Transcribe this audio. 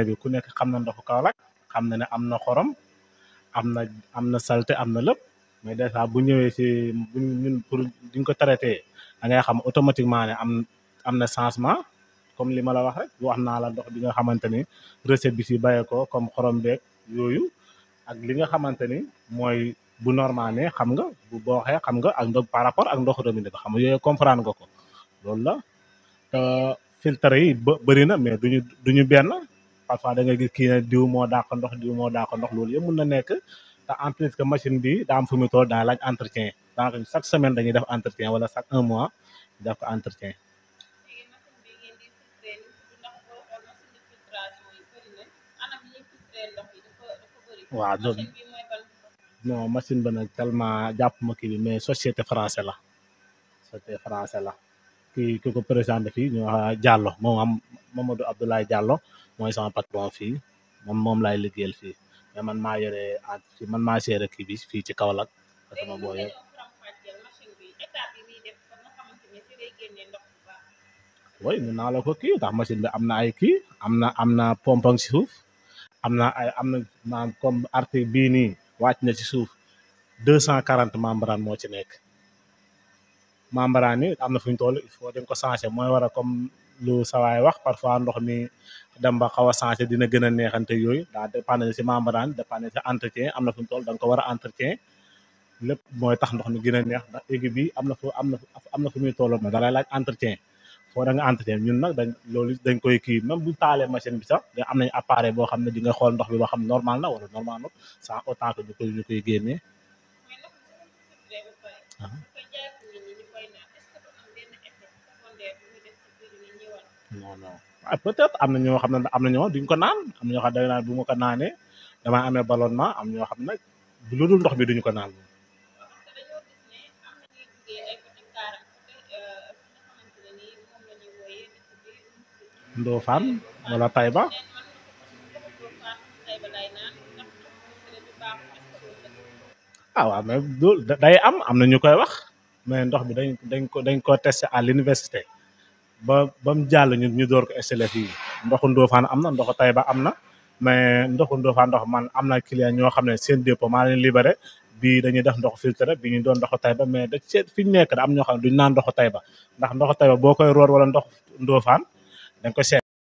bi ku nekk xam na ndoxu Kaolack xam na ne am na xorom am na am na salte am na lépp mais dèjà bu ñëwee si buñ ñun pour duñ ko traité da ngay xam automatiquement ne am am na changement comme li ma la wax rek wax naa la ndox bi nga xamante ni recette bi si bàyyee ko comme xorom beeg yooyu ak li nga xamante ni mooy bu normal ne xam nga bu booxee xam nga ak ndox par rapport ak ndoxu robinet bi xam nga yooyu comprendre nga ko loolu la filtre yi ba bëri mais duñu duñu parfois da ngay gis kii ne diw moo daa ko ndox diw moo daa ko ndox loolu yëpp mun na nekk te en plus que machine bi da am fu mu toll daa laaj entretien donc chaque semaine dañuy def entretien wala chaque un mois def ko entretien waaw do non machine ba nag tellement jàpp ma kii bi mais société français la société français la ki ki ko présenté fii ñu wax Diallo moom am Mamadou Abdoulaye Diallo moy sama patron fi mom mom lay liggéeyal fi mais man maa yore fi man ma séré ki bi fi ci Kaolack sama boo yëpp oui mun naa la ko ki ndax machine bi amna ay ki amna amna pompe ci suuf amna ay amna man comme article bi ni wacc na ci suuf 240 membran mo ci nek membran ni amna fuñ fu il faut dem ko changer moy wara comme lu sawaay wax parfois ndox mi dem ba xaw a changé dina gën a neexante yooyu daa dépendre na si membrane dépendre si entretien am na fu mu toll nga ko war a entretien lépp mooy tax ndox mi gën a neex ndax éegi bi am na fu am na am na muy tolloo ma dalay laaj entretien foo da nga entretien ñun nag dañ loolu dañ koy kii même bu taalee machine bi sax da am nañ appareil boo xam ne di nga xool ndox mi boo xam normal na wala normal na sans autant que ñu koy ñu koy génnee non ah, peut-être am na ñoo xam ne am na ñoo duñ ko naan am na ñoo xam ne da naan bu ma ko naanee damaa amee ballonnement am ñoo xam ne bu lu dul ndox bi duñu ko naan. Ndofane wala Taïba. ah waaw mais day am am na ñu koy wax mais ndox bi dañ dañ ko dañ ko testé à l'université ba ba mu jàll ñu ñu door ko installé ndoxu Ndofane am na ndoxu Taïba am mais ndoxu Ndofane ndox man am na client ñoo xam ne seen dépôt maa leen libéré bi dañuy def ndoxu filtre bi ñu doon ndoxu Taïba mais da seet fi ñu nekk da am ñoo xam ne duñu naan ndoxu Taïba ndax ndoxu Taïba boo koy roor wala ndox Ndofane da nga seet